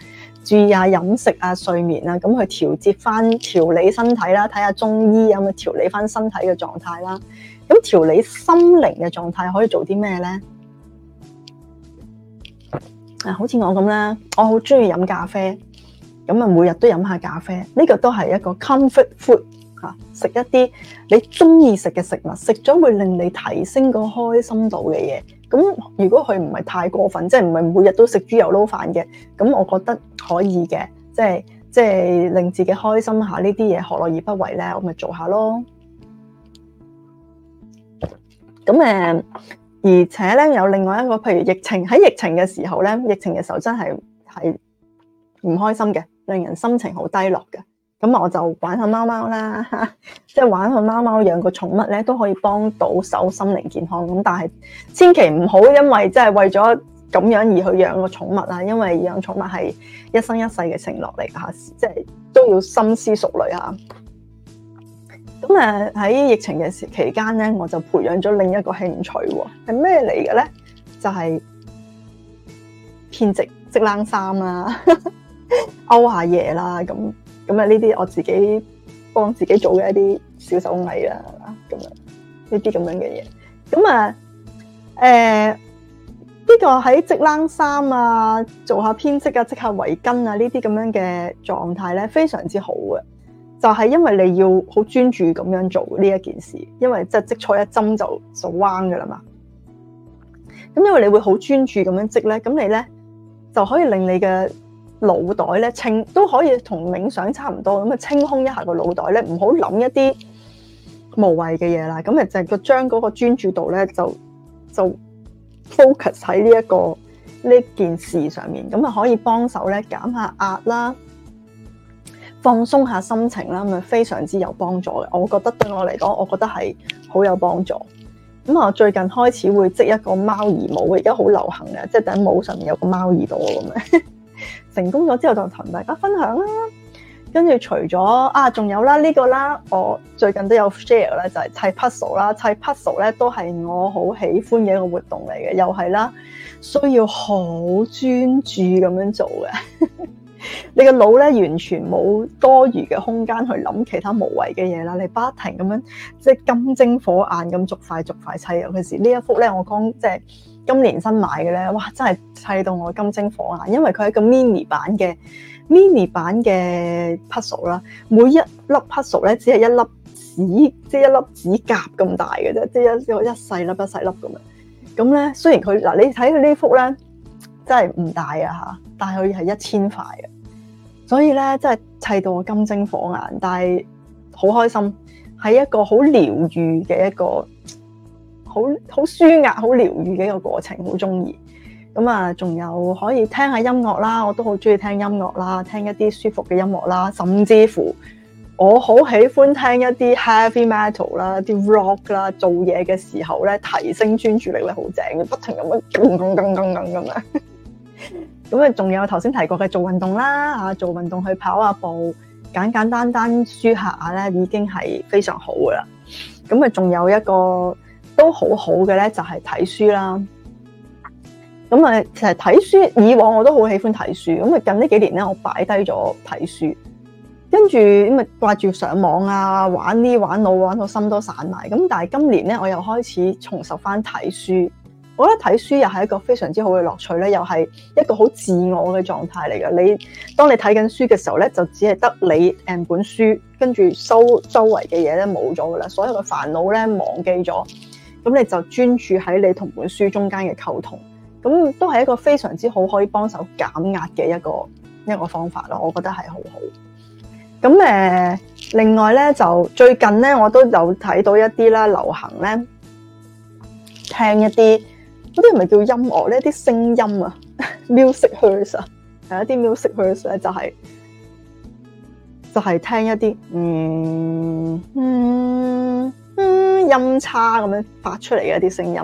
注意下飲食啊、睡眠啊，咁去調節返、調理身體啦，睇下中醫咁樣去調理返身體嘅狀態啦。咁調理心靈嘅狀態可以做啲咩咧？啊，好似我咁咧，我好鍾意飲咖啡，咁啊每日都飲下咖啡，呢、這個都係一個 comfort food 嚇、啊，食一啲你鍾意食嘅食物，食咗會令你提升個開心度嘅嘢。咁如果佢唔係太過分，即係唔係每日都食豬油撈飯嘅，咁我覺得可以嘅，即係即係令自己開心下呢啲嘢，何樂而不為咧，我咪做下咯。咁誒，而且咧有另外一個，譬如疫情喺疫情嘅時候咧，疫情嘅時候真係係唔開心嘅，令人心情好低落嘅。咁我就玩下貓貓啦，即 (laughs) 係玩下貓貓，養個寵物咧都可以幫到手心靈健康。咁但係千祈唔好，因為即係為咗咁樣而去養個寵物啊！因為養寵物係一生一世嘅承諾嚟吓，即係都要深思熟慮下咁啊，喺疫情嘅時期間咧，我就培養咗另一個興趣喎、啊，係咩嚟嘅咧？就係編織織冷衫啦， (laughs) 勾下嘢啦咁。咁、嗯、啊！呢啲我自己幫自己做嘅一啲小手藝啦，咁、嗯嗯、樣呢啲咁樣嘅嘢。咁、嗯、啊，誒、嗯、呢、呃呢個喺織冷衫啊，做下編織啊，織下圍巾啊，呢啲咁樣嘅狀態咧，非常之好嘅。就係、是、因為你要好專注咁樣做呢一件事，因為即係織錯一針就就彎㗎啦嘛。咁、嗯、因為你會好專注咁樣織咧，咁你咧就可以令你嘅腦袋咧清都可以同冥想差唔多咁啊，清空一下個腦袋咧，唔好諗一啲無謂嘅嘢啦。咁啊，就係將嗰個專注度咧，就就 focus 喺呢一個呢件、這個、事上面，咁啊可以幫手咧減一下壓啦，放鬆一下心情啦，咁啊非常之有幫助嘅。我覺得對我嚟講，我覺得係好有幫助。咁啊，最近開始會織一個貓耳帽，而家好流行嘅，即係頂帽上面有個貓耳朵咁樣。 (laughs) 成功咗之後就同大家分享啦，跟住除咗啊，仲有啦、這、呢個啦，我最近都有 share 咧，就係、是、砌 puzzle 啦，砌 puzzle 咧都係我好喜歡嘅一個活動嚟嘅，又係啦，需要好專注咁樣做嘅。 (laughs) 你個腦咧完全冇多餘嘅空間去諗其他無謂嘅嘢啦，你不停咁樣即係金睛火眼咁逐塊逐塊砌啊！尤其係呢一幅咧，我剛即係今年新買嘅咧，哇，真係砌到我金睛火眼，因為佢係一個 mini 版嘅 mini 版嘅 puzzle 啦，每一粒 puzzle 咧只係一粒指即係一粒指甲咁大嘅啫，即係一細粒一細粒咁樣啊！咁咧雖然佢嗱，你睇佢呢幅咧。真係唔大啊吓，但佢係一千塊嘅，所以咧真係砌到我金睛火眼，但係好開心，係一個好療愈嘅一個好好舒壓、好療愈嘅一個過程，好中意。咁啊，仲有可以聽下音樂啦，我都好中意聽音樂啦，聽一啲舒服嘅音樂啦，甚至乎我好喜歡聽一啲 heavy metal 啦、啲 rock 啦，做嘢嘅時候咧，提升專注力咧好正，不停咁樣噔噔噔噔咁樣。咁啊，仲有頭先提過嘅做運動啦，啊做運動去跑下步，簡簡單單舒下啊咧，已經係非常好噶啦。咁啊，仲有一個都好好嘅咧，就係睇書啦。咁啊，其實睇書以往我都好喜歡睇書，咁啊近呢幾年咧，我擺低咗睇書，跟住咁啊掛住上網啊玩呢玩腦玩到心都散埋。咁但係今年咧，我又開始重拾翻睇書。我覺得睇書又係一個非常之好嘅樂趣咧，又係一個好自我嘅狀態嚟嘅。你當你睇緊書嘅時候咧，就只係得你誒本書，跟住收周圍嘅嘢咧，冇咗噶啦，所有嘅煩惱咧，忘記咗，咁你就專注喺你同本書中間嘅溝通，咁都係一個非常之好可以幫手減壓嘅一個一個方法咯。我覺得係好好。咁誒、呃，另外咧就最近咧，我都有睇到一啲啦，流行咧聽一啲。嗰啲唔係叫音樂，呢一啲聲音啊，music h e r s 啊，係一啲 music h e r s 咧，就係、係、就係、係、聽一啲嗯嗯嗯音叉咁樣發出嚟嘅一啲聲音。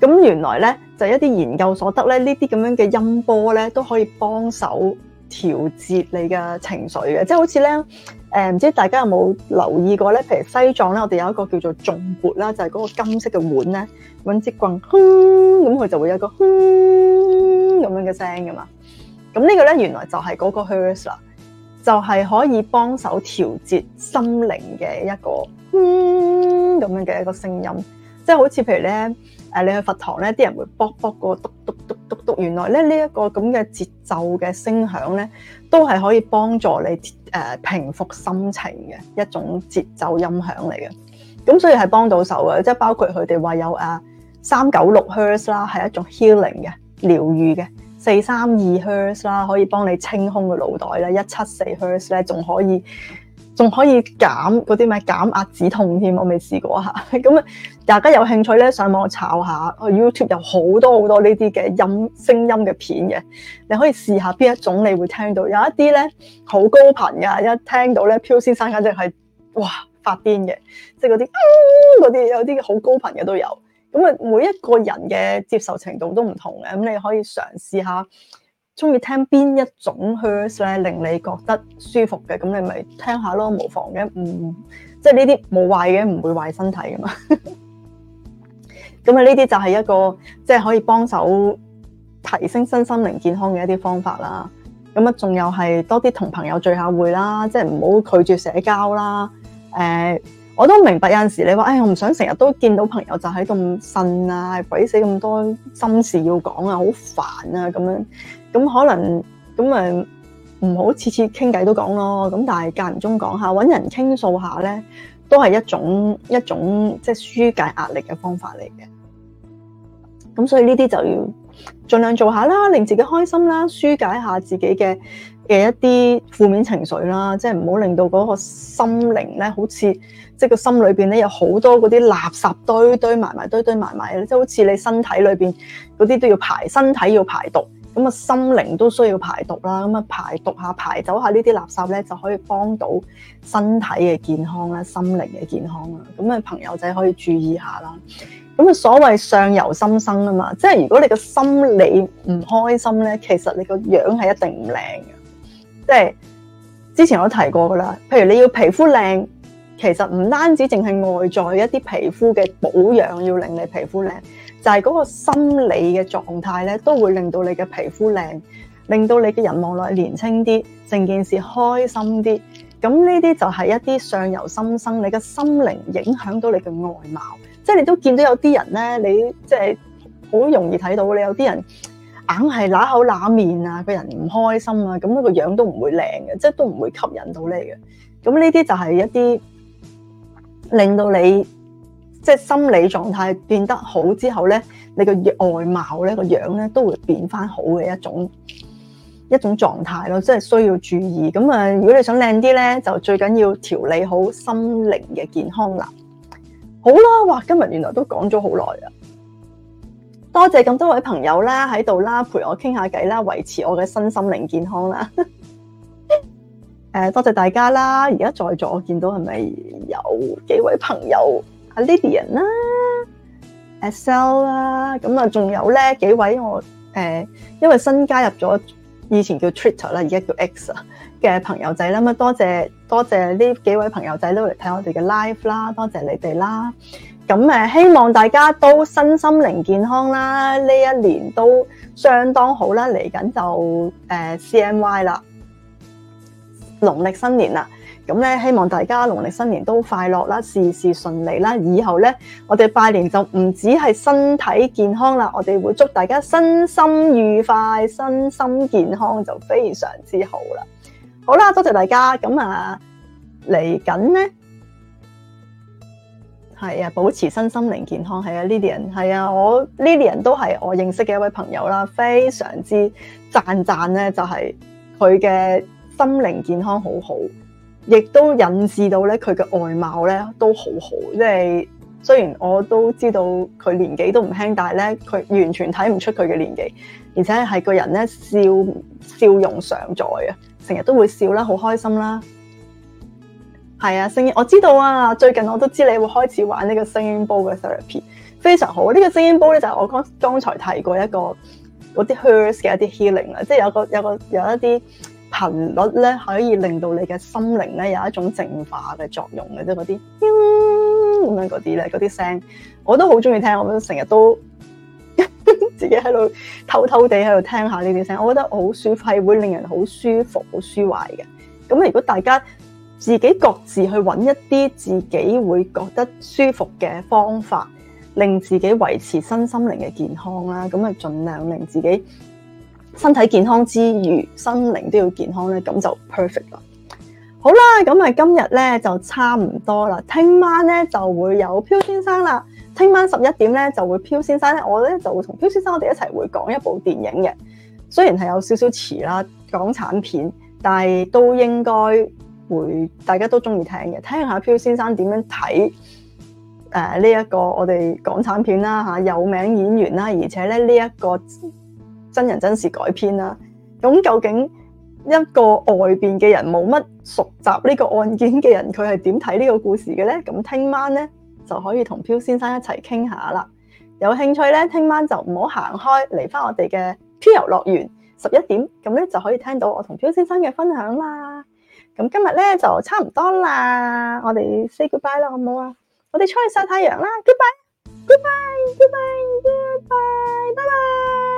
咁原來咧就係、一啲研究所得咧，呢啲咁樣嘅音波咧都可以幫手調節你嘅情緒嘅，即係好似咧。誒唔知大家有冇留意過咧？譬如西藏咧，我哋有一個叫做頌缽啦，就係、是、嗰個金色嘅碗咧，揾支棍，哼咁佢就會有一個哼咁樣嘅聲噶嘛。咁呢個咧原來就係嗰個 hers 啦，就係可以幫手調節心靈嘅一個哼咁樣嘅一個聲音，即係好似譬如咧，誒你去佛堂咧，啲人會卜卜嗰個，咚咚咚咚咚。原來咧呢一個咁嘅節奏嘅聲響咧。都係可以幫助你誒平復心情嘅一種節奏音響嚟嘅，咁所以係幫到手嘅，即係包括佢哋話有啊，三九六 Hz 啦，係一種 healing 嘅療愈嘅，四三二 Hz 啦，可以幫你清空個腦袋啦，一七四 Hz 咧，仲可以仲可以減嗰啲咩減壓止痛添，我未試過嚇，咁啊。大家有興趣咧，上網查下，YouTube 有好多好多呢啲嘅音聲音嘅片嘅，你可以試下邊一種，你會聽到有一啲咧好高頻嘅，一聽到咧，漂先生簡直係哇發癲嘅，即係嗰啲嗰啲有啲好高頻嘅都有。咁啊，每一個人嘅接受程度都唔同嘅，咁你可以嘗試下，中意聽邊一種 Hz 咧，令你覺得舒服嘅，咁你咪聽下咯，無妨嘅，唔、嗯、即係呢啲冇壞嘅，唔會壞身體噶嘛。 (laughs) 咁啊，呢啲就係一個即係、就是、可以幫手提升身心靈健康嘅一啲方法啦。咁啊，仲有係多啲同朋友聚下會啦，即係唔好拒絕社交啦、欸。我都明白有陣時你話，誒，我唔想成日都見到朋友就喺咁呻啊，鬼死咁多心事要講啊，好煩啊咁樣。咁可能咁啊，唔好次次傾偈都講咯。咁但係間唔中講下，揾人傾訴下咧。都係一種一種即係紓解壓力嘅方法嚟嘅，咁所以呢啲就要盡量做下啦，令自己開心啦，紓解下自己嘅嘅一啲負面情緒啦，即係唔好令到嗰個心靈咧，好似即係個心裏邊咧有好多嗰啲垃圾堆堆埋埋堆堆埋埋，即係好似你身體裏邊嗰啲都要排，身體要排毒。咁啊，心靈都需要排毒啦，咁啊，排毒下排走下呢啲垃圾咧，就可以幫到身體嘅健康啦，心靈嘅健康啊，咁啊，朋友仔可以注意下啦。咁啊，所謂相由心生啊嘛，即係如果你個心理唔開心咧，其實你個樣係一定唔靚嘅。即係之前我都提過噶啦，譬如你要皮膚靚，其實唔單止淨係外在一啲皮膚嘅保養要令你皮膚靚。就係嗰個心理嘅狀態咧，都會令到你嘅皮膚靚，令到你嘅人望落去年輕啲，成件事開心啲。咁呢啲就係一啲相由心生，你嘅心靈影響到你嘅外貌。即係你都見到有啲人咧，你即係好容易睇到你有啲人硬係乸口乸面啊，個人唔開心啊，咁個樣都唔會靚嘅，即係都唔會吸引到你嘅。咁呢啲就係一啲令到你。即係心理狀態變得好之後咧，你個外貌咧，個樣咧都會變翻好嘅一種一種狀態咯，即係需要注意。咁啊，如果你想靚啲咧，就最緊要調理好心靈嘅健康啦。好啦，哇！今日原來都講咗好耐啊，多謝咁多位朋友啦喺度啦，陪我傾下偈啦，維持我嘅身心靈健康啦。誒， (laughs) 多謝大家啦！而家在，在座我見到係咪有幾位朋友？阿 Lady 人啦 s l 啦，咁啊，仲有咧幾位我誒，因為新加入咗，以前叫 Twitter 啦，而家叫 X 嘅朋友仔啦，咁多謝多謝呢幾位朋友仔都嚟睇我哋嘅 live 啦，多謝你哋啦，咁誒，希望大家都身心靈健康啦，呢一年都相當好啦，嚟緊就誒 CNY 啦，農曆新年啦。咁咧，希望大家農曆新年都快樂啦，事事順利啦。以後咧，我哋拜年就唔止係身體健康啦，我哋會祝大家身心愉快、身心健康就非常之好啦。好啦，多謝大家。咁啊，嚟緊咧，係啊，保持身心靈健康係啊。Lillian 係啊，我 Lillian 都係我認識嘅一位朋友啦，非常之讚讚咧，就係佢嘅心靈健康好好。亦都引致到咧佢嘅外貌咧都好好，即係雖然我都知道佢年紀都唔輕，但係咧佢完全睇唔出佢嘅年紀，而且係個人咧笑笑容常在啊，成日都會笑啦，好開心啦。係啊，聲音我知道啊，最近我都知你會開始玩呢個聲音煲嘅 therapy，非常好。呢個聲音煲咧就係我剛剛才提過一個嗰啲 hers 嘅一啲 healing 啊，即係有個有個有一啲。頻率咧可以令到你嘅心靈咧有一種淨化嘅作用嘅啫，嗰啲咁樣嗰啲咧，嗰啲聲我都好中意聽，我成日都呵呵自己喺度偷偷地喺度聽一下呢啲聲，我覺得好舒服，係會令人好舒服、好舒懷嘅。咁如果大家自己各自去揾一啲自己會覺得舒服嘅方法，令自己維持身心靈嘅健康啦，咁啊盡量令自己。身體健康之餘，心靈都要健康咧，咁就 perfect 啦。好啦，咁啊今日咧就差唔多啦，聽晚咧就會有漂先生啦。聽晚十一點咧就會漂先生咧，我咧就會同漂先生我哋一齊會講一部電影嘅。雖然係有少少遲啦，港產片，但係都應該會大家都中意聽嘅。聽下漂先生點樣睇誒呢一個我哋港產片啦嚇，有名演員啦，而且咧呢一個。真人真事改編啦，咁究竟一個外邊嘅人冇乜熟習呢個案件嘅人，佢係點睇呢個故事嘅咧？咁聽晚咧就可以同飄先生一齊傾下啦。有興趣咧，聽晚就唔好行開嚟返我哋嘅漂遊樂園，十一點咁咧就可以聽到我同飄先生嘅分享啦。咁今日咧就差唔多啦，我哋 say goodbye 啦，好唔好啊？我哋出去曬太陽啦，goodbye，goodbye，goodbye，goodbye，bye bye。